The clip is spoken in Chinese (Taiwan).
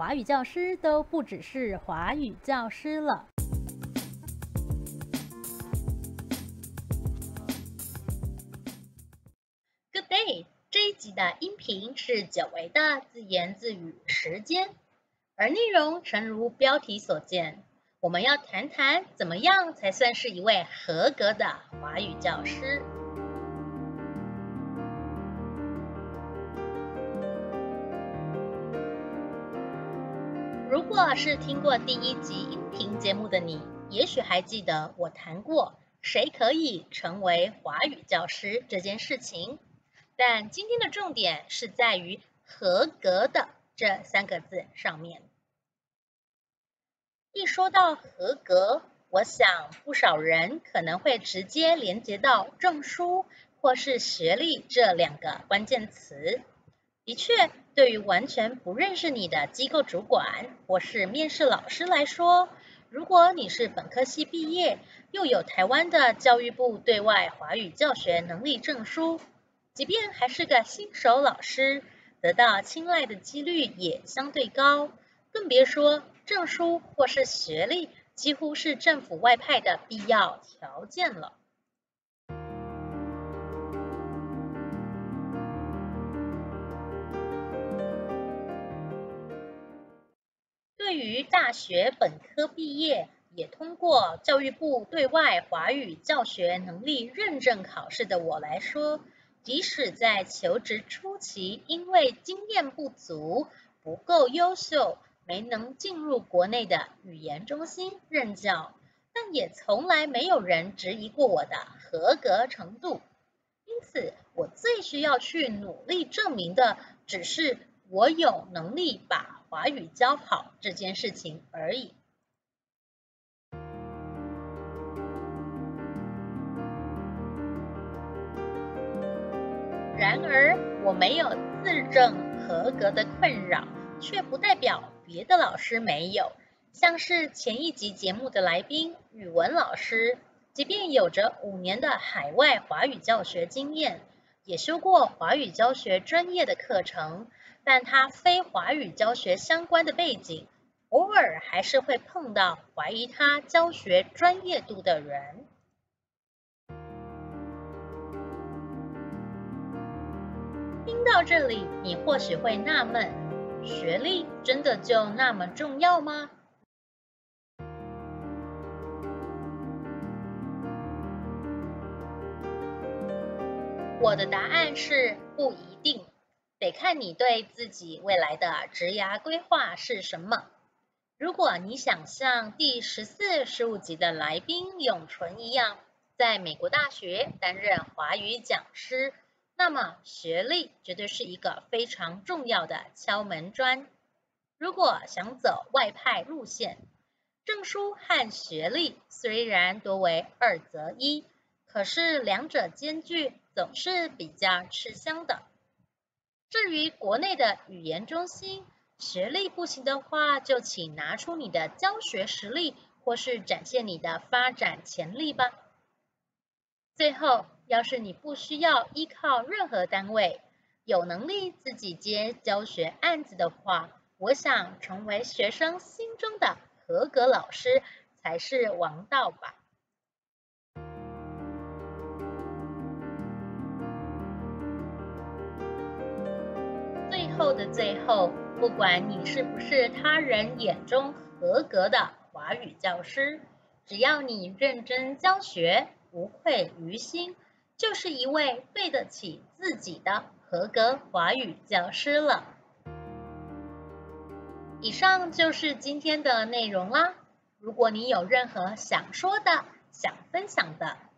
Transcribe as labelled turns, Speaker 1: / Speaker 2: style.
Speaker 1: 華語教師都不只是華語教師了。Good day，這一集的音頻是久違的自言自語時間，而內容誠如標題所見，我們要談談怎麼樣才算是一位合格的華語教師。如果是聽過第一集音頻節目的你，也許還記得我談過誰可以成為華語教師這件事情。但今天的重點是在於“合格”的這三個字上面。一說到合格，我想不少人可能會直接連接到證書或是學歷這兩個關鍵詞。的確，對於完全不認識你的機構主管，或是面試老師來說，如果你是本科系畢業，又有台灣的教育部對外華語教學能力證書，即便還是個新手老師，得到青睞的幾率也相對高。更別說證書或是學歷，幾乎是政府外派的必要條件了。對於大學本科畢業，也通過教育部對外華語教學能力認證考試的我來說，即使在求職初期因為經驗不足、不夠優秀，沒能進入國內的語言中心任教，但也從來沒有人質疑過我的合格程度。因此，我最需要去努力證明的，只是我有能力把華語教好這件事情而已。然而，我沒有自證合格的困擾，卻不代表別的老師沒有。像是前一集節目的來賓語文老師，即便有着五年的海外華語教學經驗。也修過華語教學專業的課程，但他非華語教學相關的背景，偶爾還是會碰到懷疑他教學專業度的人。聽到這裡，你或許會納悶，學歷真的就那麼重要嗎？我的答案是不一定，得看你對自己未來的職涯規劃是什麼。如果你想像第十四、十五集的來賓永淳一樣，在美國大學擔任華語講師，那麼學歷絕對是一個非常重要的敲門磚。如果想走外派路線，證書和學歷雖然多為二擇一，可是兩者兼具，總是比較吃香的。至於國內的語言中心，學歷不行的話，就請拿出你的教學實力，或是展現你的發展潛力吧。最後，要是你不需要依靠任何單位，有能力自己接教學案子的話，我想成為學生心中的合格老師才是王道吧。後的最後，不管你是不是他人眼中合格的華語教師，只要你認真教學，無愧於心，就是一位對得起自己的合格華語教師了。以上就是今天的內容啦。如果你有任何想說的、想分享的，